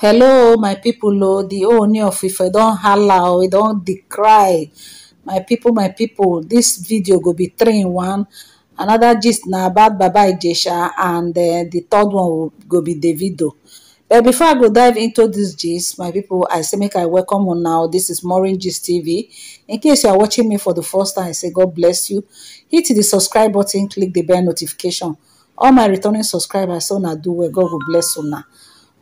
hello my people o oh, the Ooni of don't hala we oh, don't decry, my people my people This video go be three in one another gist na about Baba Ijesha and eh, the third one go be Davido but before i go dive into this gist my people i say make i welcome on now This is Maureen Gist tv in case you are watching me for the first time i say god bless you hit the subscribe button click the bell notification all my returning subscribers so na do well god will bless now.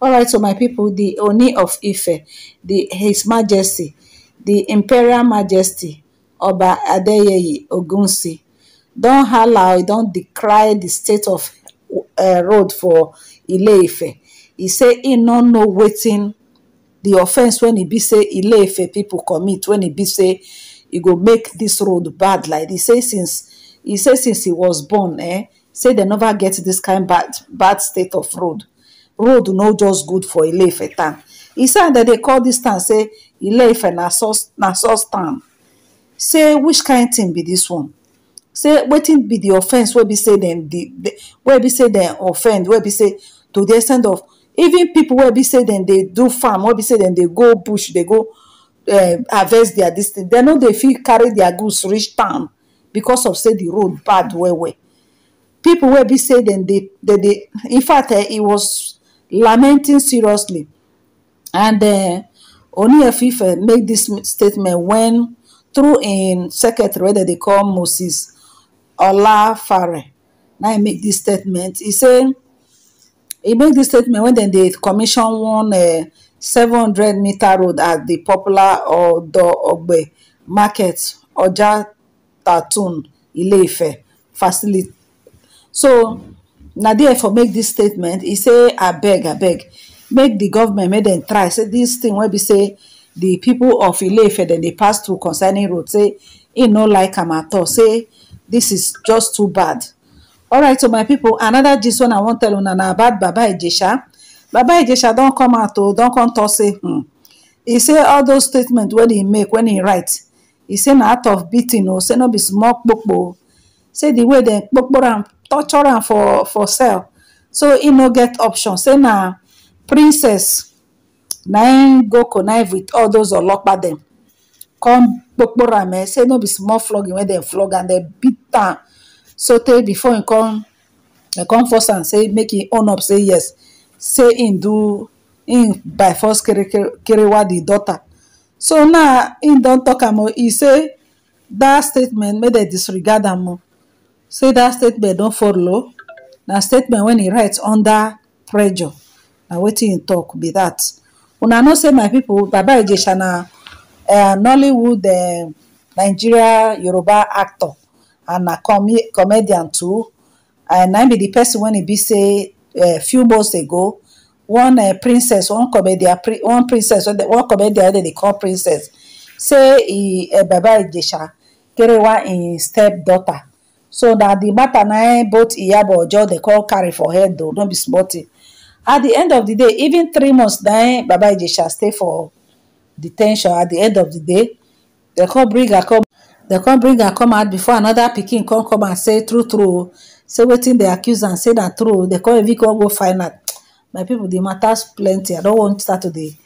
Alright, so my people, the Oni of Ife, the His Majesty, the Imperial Majesty, Oba Adeyeyi Ogunsi, don't allow, don't decry the state of uh, road for Ile-Ife. He say he no no waiting the offense when he be say Ile-Ife people commit, when he be say he go make this road bad like this. He say since he say since he was born, eh, say they never get this kind bad bad state of road. road no just good for ileife town inside dem dey call dis town say ileife na source town say which kain thing be dis one say wetin be di offence wey be say dem dey be say offend wey be say to di extent of even people wey be say dem dey do farm wey be say dem dey go bush dey go eh, harvest their district dem no dey fit carry their goods reach town because of say the road bad well well people wey be say dem dey in fact e was. lamenting seriously and uh, Oniyefife make this statement when through in secretary whether they call Moses Olafare Now he make this statement He say he make this statement when then dey commission one uh, 700 meter road at the popular Odo Ogbe market Oja Tatun ile facility so na there for make this statement He say abeg abeg make the government make dem try say this thing wey be say the people of ilefe then they pass through concerning road say e no like am at all say this is just too bad All right, so my people, another this one i wan tell una na about baba ijesha baba ijesha don't come out o Don't come talk say hmm e say all those statements when he make when he write He say not of beating or say no be small kpokpo say the way dem kpokporo am torture am for for cell so im no get option say na princess na im go connive with all those olokpa dem come kpokpo am eh. say no be small flogging wey dem flog and dem beat am sotey before im come come force am say make im own up say yes say im do im by force kere kere wa di daughter so na im don tok am o oh. e say dat statement make dem disregard am more. Oh. say that statement don follow na statement wen e write under pressure na wetin e talk be dat una know say my pipo baba ijesha na eh, nollywood eh, nigeria yoruba actor and na comedian too and eh, na be the person wen e be say few months ago one princess one comedian one princess one comedian wey dem dey call princess say e baba ijesha carry one im daughter so na the matter na eh, both iyabo ojo dey call carry for head o no be small thing at the end of the day even three months na eh, baba ijesha stay for detention at the end of the day dem come bring her come dem come bring her come out before another pikin come come and say true true say wetin dey accuse am say na true dem come even come go find out my people the matter plenty i don wan start to dey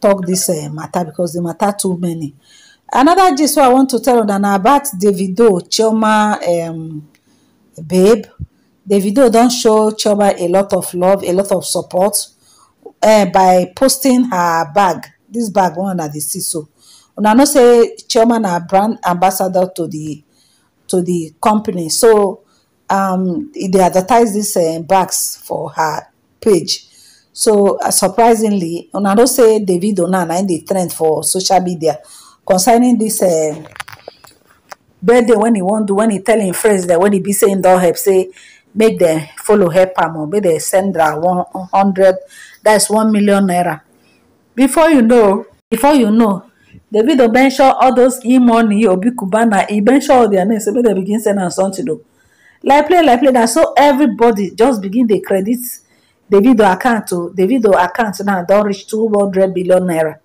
talk dis eh, matter because the matter too many another gist wey i want to tell una na about davido chioma um, babe davido don show chioma a lot of love a lot of support eh, by posting her bag dis bag one na di ceiso una know say chioma na brand ambassador to di to the company so um, e dey advertise dis eh, bags for her page so surprisingly una know say davido now na in dey trend for social media. concerning this uh, birthday when won't do when he telling friends that when he be saying that help say make them follow help am or make dem send one hundred that is one million naira before you know before you know davido mention all those e-money be kubana He mention all their names So when they begin send something do like play like play that. so everybody just begin credits. The davido account the oh, davido account now don't reach two hundred billion naira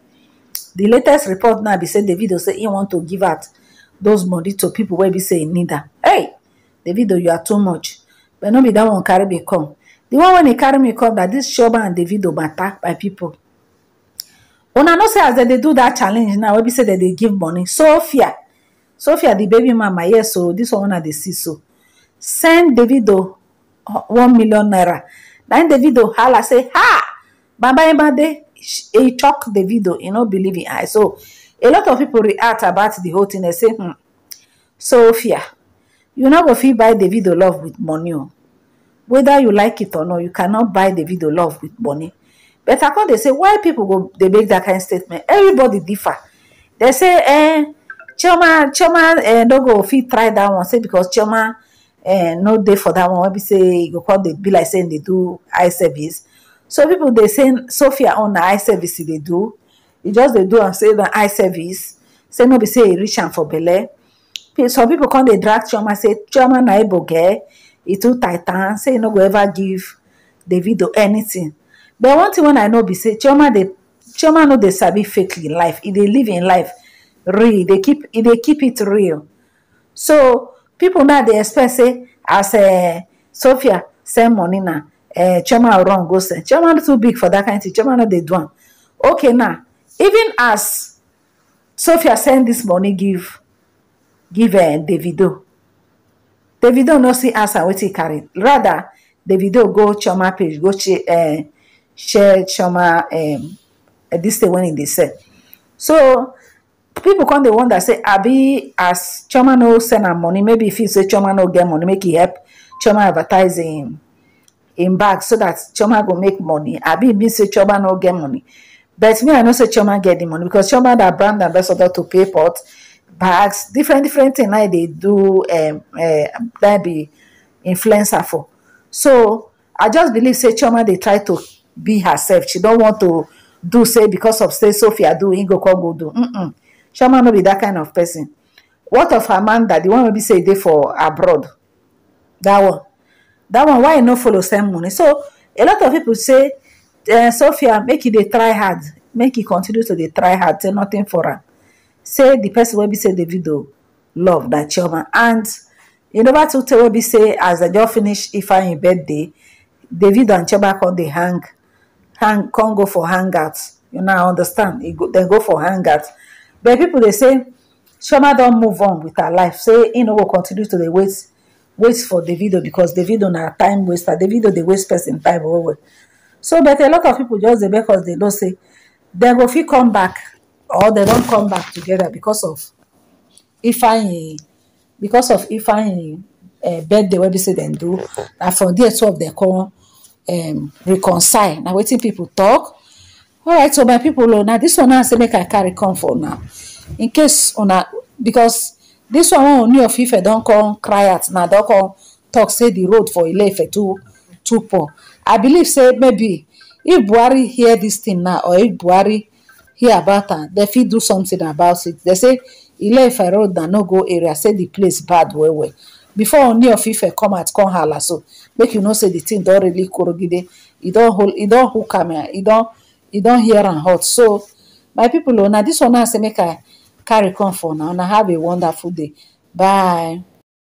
The latest report now be say davido say he want to give out those money to people. Where be say e need am hey davido you are too much but no be that one carry me come The one when he carry me come that this shoba and davido matter by pipo una know say as they do that challenge now wey be say that they give money sophia sophia the baby mama yes so this one una the see so send davido one million naira Then im davido hala say ha baba imade talk the video, e no believe in I. so a lot of people react about the whole thing. they say hmm sophia you know, go fit buy the video love with money whether you like it or not you cannot buy the video love with money but i can't. They say why people go they make that kind statement everybody differ They say eh eh, don't go fit try that one say because Choma, eh, no day for that one Maybe say go call the be like say they dey do eye service so pipo dey say sophia own na eye service e dey do e just dey do am say eye service say no be say e reach am for belle some pipo come dey drag chioma say chioma na egboogi e too titan say e no go ever give davido anything but one thing i know be say chioma no dey sabi fake life e dey live im life real e dey keep it real so pipo na dey expect say as eh, sophia send money na. Eh, chairman wrong go send chairman too big for that kind thing chairman no dey do okay now even as sophia send this money give give eh, davido davido no see answer what e carry rather davido go chioma page go eh, share chioma this the when in dey so people come one wonder say abi as chioma no send her money maybe if he say chioma no get money make e help chioma advertising. him in bags so that Choma go make money be mean say Choma no get money but me i know say Choma get the money because Choma that brand ambassador to pay pot bags different different thing i they do um, uh, um, that be influencer for so i just believe say Choma they try to be herself she don't want to do say because of say sophia do he go come go do mm mm no be that kind of person what of amanda the one wey be say they for abroad that one that one why e no follow same money so a lot of people say eh, sophia make it dey try hard make it continue to dey try hard say nothing for her. say the person will be say davido love that chairman and you know what tey will be say as I just finish bed day, davido and chairman come the hang hang come go for hangouts. you now understand They go for hangouts. but people they say don't move on with her life say you know what? continue to the wait wait for davido because davido na time waster davido they waste person time well oh, well oh, oh. so but a lot of people just dey make us dey know say dem go fit come back or they don't come back together because of if I, because of ifeanyi eh, birthday bed the website dem do na from there two of them come um, reconcile Now waiting people talk All right. so my people now this one now say make i carry come for now in case on a because This one oh, wey oni of ife don come cry at na don come talk say the road for ile too too poor i believe say maybe if buhari hear this thing now or if buhari hear about am they fit do something about it They say ile road na no go area say the place bad well well before oni of ife come at come hala so make you know say the thing don really korogide e don e hook am e, e don hear am hot so my people o oh, this one now say make i carry comfort for now. and have a wonderful day. Bye.